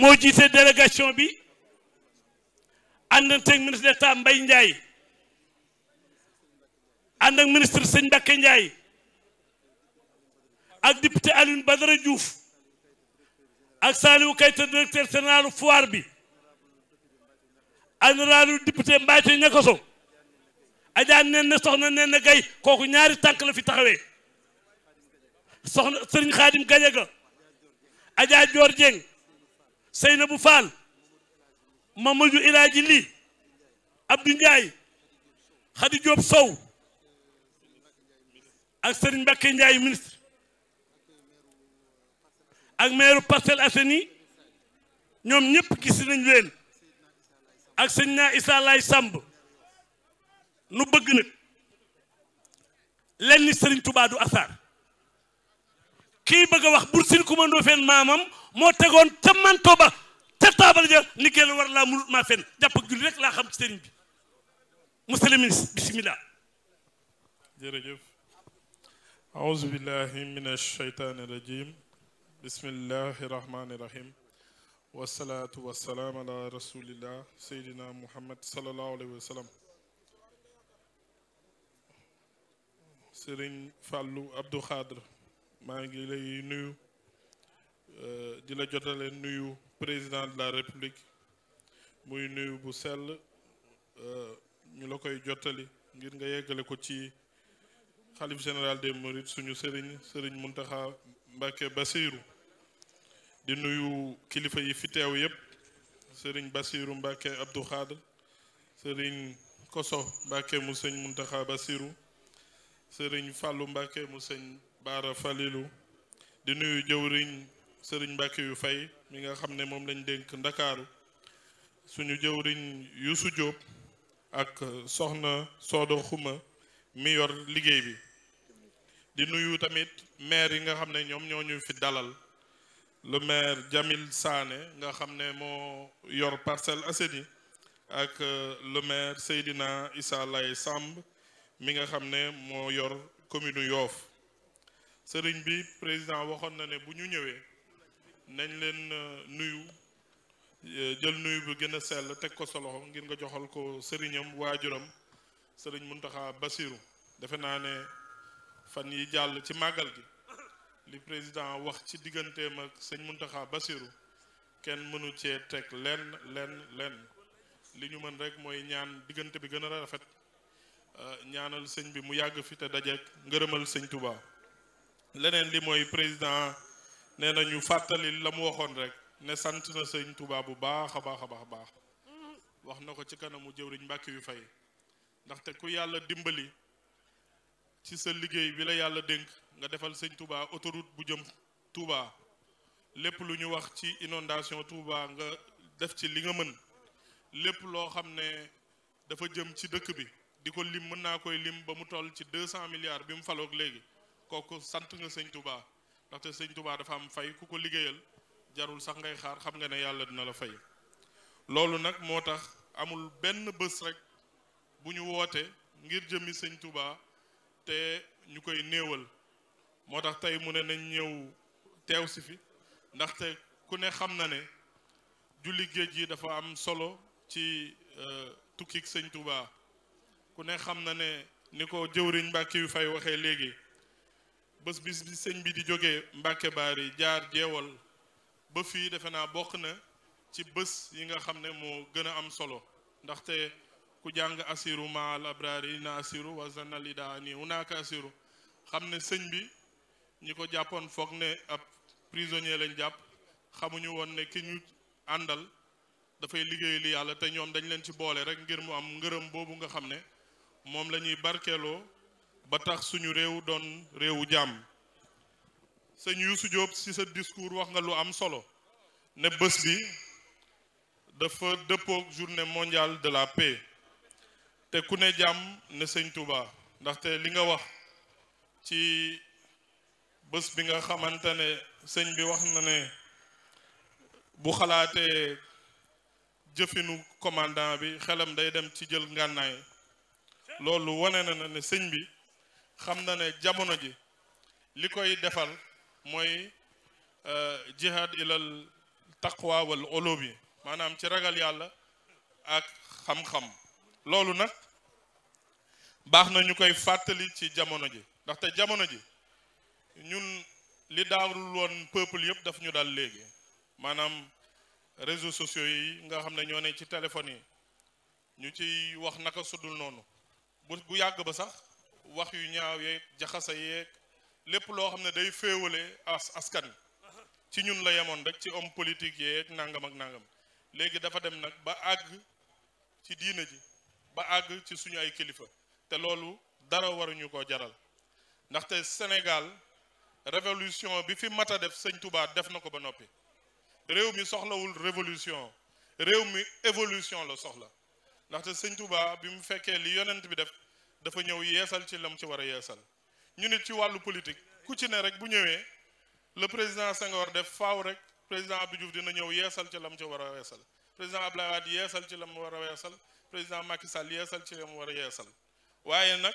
moo jiite délégation bi ànd ak ministre d'État Mbaye Ndiaye ànd ak ministre sëñ Mbacké Ndiaye ak député Alioune Badara Diouf ak Saliou Kayta directeur général foire bi honorable député Mbaye Niakoso Adja nen na soxna nen gay kooku ñaari tànk la fi taxawe soxna Serigne Khadim Gadiaga Adja Dior Dieng Seynabou Fall Mamadou Elhadji Ly Abdou Ndiaye Khady Diop Sow ak Serigne Mbacké Ndiaye ministre ak maire Parcelles Assainies ñoom ñëpp gis nañ leen ak sëñ naa Issa Samb nu bëgg nag lenn Serigne Touba du asaar kii bëgg wax Bour Sine Coumba maamam moo tegoon ca manto ba ca taabal ja ni génn war laa munut maa fenn jàpp ak julli rek laa xam ci sëriñ bi monsieur le ministre bismillah jërëjëf أعوذ بالله من الشيطان الرجيم بسم الله الرحمن الرحيم والصلاة والسلام على رسول الله سيدنا محمد صلى الله عليه وسلم Serigne Fallou Abdou Khadre maa ngi lay nuyu Euh, di la jotale nuyu président de la république muy nuyu bu sell euh, ñu la koy jottali ngir nga yeggale ko ci xalif général des mourides suñu sëriñ sëriñ Muntaxa Mbàkke Basiiru di nuyu kilifa yi fi teew yépp sëriñ Basiiru Mbàkke Abdu Xaadr sëriñ Koso Mbàkke mu sëñ Muntaxa Basiiru sëriñ Fàllu Mbàkke mu sëñ Baara Falilu di nuyu jëwriñ sëriñ Mbàkke yu fay mi nga xam ne moom lañ dénk ndakaaru suñu jëwriñ Yuusu Jóob ak soxna Soodo Xuma mi yor liggéey bi di nuyu tamit maire yi nga xam ne ñoom ñoo ñu fi dalal le maire Jamil Sané nga xam ne moo yor parcelle Assainies ak euh, le maire Seydina Issa Lay Samb mi nga xam ne moo yor commune yoof sëriñ bi président waxoon na ne bu ñu ñëwee nañ leen euh, nuyu euh, jël nuyu bi gën a sell teg ko sa ngir nga joxal ko sëriñam waajuram sëriñ Muntaxa Basiru defe naa ne fan yi jàll ci màggal gi li président wax ci digganteem ak sëñ Muntaxa Basiru kenn mënu cee teg lenn lenn li ñu mën rek mooy ñaan diggante bi gën a rafet euh, ñaanal sëñ bi mu yàgg fi te dajeek ngërëmal sëñ Touba leneen li mooy président nee na ñu fàttali la mu waxoon rek ne sant na sëñ Touba bu baax a baax a baax a baax wax na ko ci kanamu jëwriñ mbàkk yu fay ndaxte ku yàlla dimbali ci sa liggéey bi la yàlla dénk nga defal sëñ Touba autoroute bu jëm Touba lépp lu ñu wax ci inondation Touba nga def ci li nga mën lépp loo xam ne dafa jëm ci dëkk bi di ko lim mën naa koy lim ba mu toll ci deux cent milliards bi mu faloog léegi kooku sant nga sëñ Touba ndaxte sëñ tubaa dafa am fay ku ko liggéeyal jarul sax ngay xaar xam nga ne yàlla dina la fay loolu nag moo tax amul benn bés rek bu ñu wootee ngir jëmmi sëñ tubaa te ñu koy néewal moo tax tey mu ne nañ ñëw teew si fi ndaxte ku ne xam na ne julli géej gi dafa am solo ci e, tukkik sëñ tubaa ku ne xam na ne ni ko jëwriñ mbàkki yu fay waxee léegi bës bis bi sëñ bi di jógee baar yi jaar jeewal ba fii defe naa bokk na ci bés yi nga xam ne moo gën a am solo ndaxte ku jàng asiru maal abrari na asiru wa zanal idaani unaaka asiru xam ne sëñ bi ñi ko jàppoon foog ne ab prisonnier lañ jàpp xamuñu woon ne ki ñu àndal dafay liggéey li yàlla te ñoom dañ leen ci boole rek ngir mu am ngërëm boobu nga xam ne moom lañuy ñuy barkeeloo ba tax suñu réew doon réewu jàmm sëñ Youssou Diop ci sa discours wax nga lu am solo ne bës bi dafa dëppook journée mondiale de la paix te ku ne jàmm ne sëñ Touba ndaxte li nga wax ci bés bi nga xamante ne sëñ bi wax na ne bu xalaatee jëfinu commandant bi xelam day dem ci jël ngànnaay loolu wane na ne sëñ bi xam na ne jamono ji li koy defal mooy euh, jihad ilal taqwa wal olo bi maanaam ci ragal yàlla ak xam-xam loolu nag baax na ñu koy fàttali ci jamono ji ndaxte jamono ji ñun li daarul woon peuple yëpp daf ñu daal léegi maanaam réseau sociaux yi nga xam ne ñoo ne ci téléphone yi ñu ciy wax naka sudul noonu bu bu yàgg ba sax wax yu ñaaw yeeg jaxasa yeeg lépp loo xam ne day féewale as askan ci ñun la yemoon rek ci homme politique yeeg nangam ak nangam léegi dafa dem nag ba àgg ci diina ji ba àgg ci suñu ay kilifa te loolu dara waruñu ko jaral ndaxte Sénégal révolution bi fi mat a def sëñ Touba def na ko ba noppi réew mi soxlawul révolution réew mi évolution la soxla ndaxte sëñ tubaa bi mu fekkee li yonent bi def dafa ñëw yeesal ci lam ci war a yeesal ñu nit ci wàllu politique ku ci ne rek bu ñëwee le président Senghor def faaw rek président Abdou Diouf dina ñëw yeesal ci lam ci war a yeesal président Abdoulaye Wade yeesal ci lam war a yeesal président Macky Sall yeesal ci lam war a yeesal waaye nag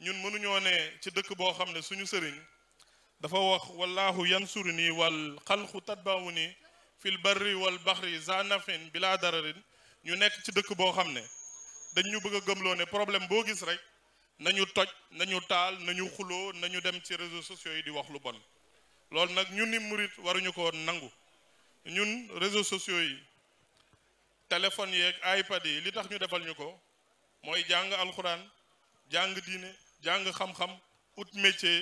ñun mënuñoo ne ci dëkk boo xam ne suñu sëriñ dafa wax wallahu yansuru nii wal xalqu tatbaawu nii fil barri wal baxri zanafin bila dararin ñu nekk ci dëkk boo xam ne dañ ñu bëgg a gëmloo ne problème boo gis rek nañu toj nañu taal nañu xuloo nañu dem ci réseaux sociaux yi di wax lu bon loolu nag ñun ni murit waruñu ko nangu ñun réseau sociaux yi téléphone yeeg iPad yi li tax ñu defal ñu ko mooy jàng alxuraan jàng diine jàng xam-xam ut métier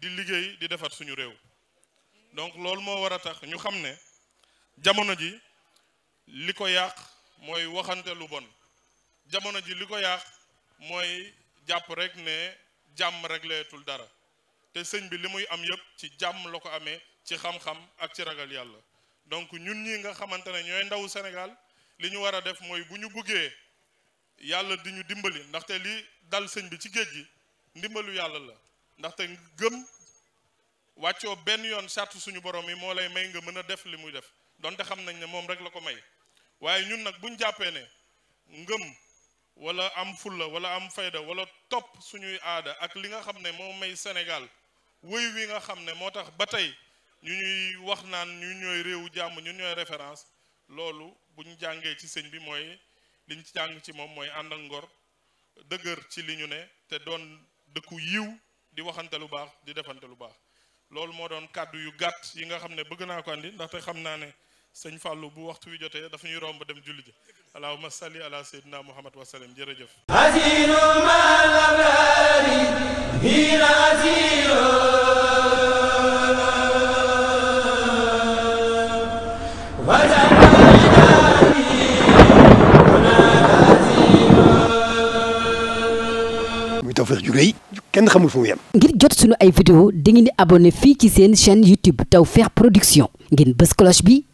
di liggéey di defar suñu réew donc loolu moo war a tax ñu xam ne jamono ji li ko yàq mooy waxante lu bon jamono ji li ko yàq mooy jàpp rek ne jàmm régleetul dara te sëñ bi li muy am yëpp ci jàmm la ko amee ci xam-xam ak ci ragal yàlla donc ñun ñi nga xamante ne ñooy ndawu Sénégal li ñu war a def mooy bu ñu buggee yàlla di ñu dimbali ndaxte li dal sëñ bi ci géej gi ndimbalu yàlla la ndaxte gëm wàccoo benn yoon sàtt suñu borom yi moo lay may nga mën a def li muy def donte xam nañ ne moom rek la ko may waaye ñun nag buñ jàppee ne ngëm wala am fulla wala am fayda wala topp suñuy aada ak li nga xam ne moo may Sénégal wéy wi nga xam ne moo tax ba tey ñu ñuy wax naan ñu ñooy réewu jàmm ñu ñooy référence loolu bu jàngee ci sëñ bi mooy liñ ci jàng ci moom mooy ànd ak ngor dëgër ci li ñu ne te doon dëkku yiw di waxante lu baax di defante lu baax loolu moo doon kàddu yu gàtt yi nga xam ne bëgg naa ko andi ndaxte xam naa ne sëñ Fallou bu waxtu wi jotee dafa ñuy romb dem julli ji allahumma salli ala sayyidina muhammad wa sallam jërëjëf Tawfekh ju rëy kenn xamul fu mu yem ngir jot sunu ay vidéo dangeen di abonné fii ci seen chaîne YouTube Tawfekh Production ngeen bës cloche bi